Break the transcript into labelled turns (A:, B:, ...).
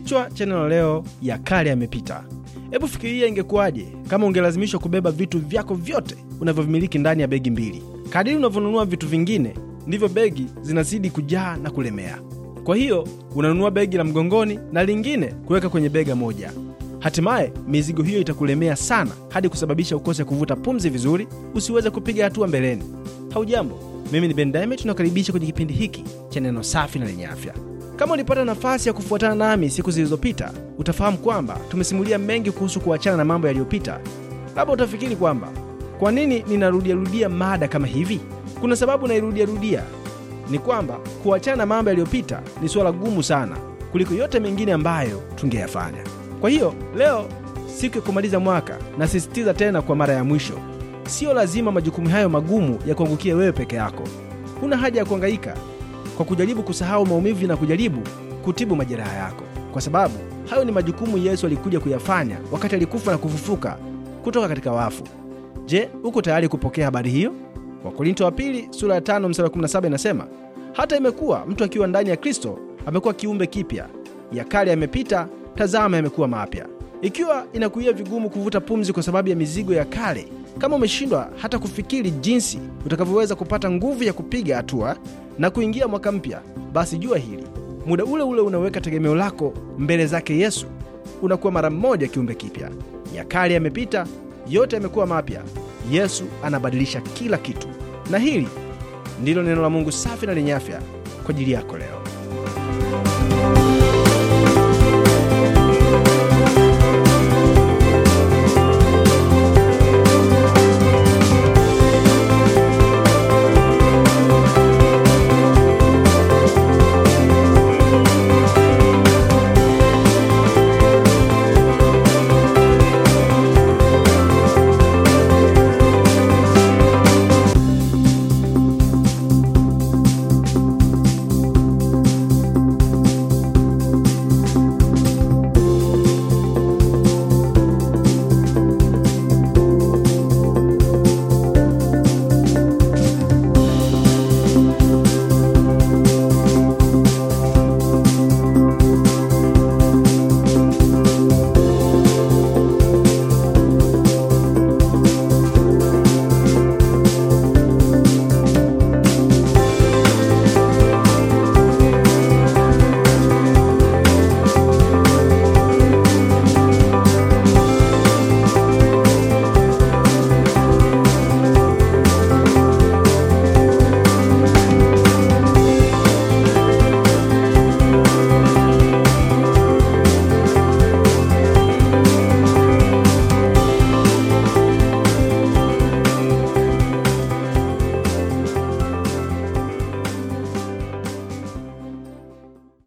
A: Kichwa cha neno leo, ya kale yamepita. Hebu fikiria ingekuwaje kama ungelazimishwa kubeba vitu vyako vyote unavyovimiliki ndani ya begi mbili. Kadiri unavyonunua vitu vingine, ndivyo begi zinazidi kujaa na kulemea. Kwa hiyo unanunua begi la mgongoni na lingine kuweka kwenye bega moja. Hatimaye mizigo hiyo itakulemea sana hadi kusababisha ukose kuvuta pumzi vizuri, usiweze kupiga hatua mbeleni. Haujambo, mimi ni Ben unakaribisha tunakaribisha kwenye kipindi hiki cha neno safi na lenye afya. Kama ulipata nafasi ya kufuatana nami siku zilizopita, utafahamu kwamba tumesimulia mengi kuhusu kuachana na mambo yaliyopita. Labda utafikiri kwamba kwa nini ninarudiarudia mada kama hivi? Kuna sababu nairudiarudia, ni kwamba kuachana na mambo yaliyopita ni suala gumu sana kuliko yote mengine ambayo tungeyafanya. Kwa hiyo leo, siku ya kumaliza mwaka, nasisitiza tena kwa mara ya mwisho, siyo lazima majukumu hayo magumu ya kuangukia wewe peke yako. Huna haja ya kuangaika kwa kujaribu kusahau maumivu na kujaribu kutibu majeraha yako, kwa sababu hayo ni majukumu Yesu alikuja kuyafanya wakati alikufa na kufufuka kutoka katika wafu. Je, uko tayari kupokea habari hiyo? Wakorinto wa pili sura ya 5 mstari 17 inasema, hata imekuwa mtu akiwa ndani ya Kristo amekuwa kiumbe kipya, ya kale yamepita, tazama yamekuwa mapya. Ikiwa inakuia vigumu kuvuta pumzi kwa sababu ya mizigo ya kale, kama umeshindwa hata kufikiri jinsi utakavyoweza kupata nguvu ya kupiga hatua na kuingia mwaka mpya, basi jua hili, muda ule ule unaweka tegemeo lako mbele zake Yesu. Unakuwa mara mmoja kiumbe kipya. Ya kale yamepita, yote yamekuwa mapya. Yesu anabadilisha kila kitu, na hili ndilo neno la Mungu safi na lenye afya kwa ajili yako leo.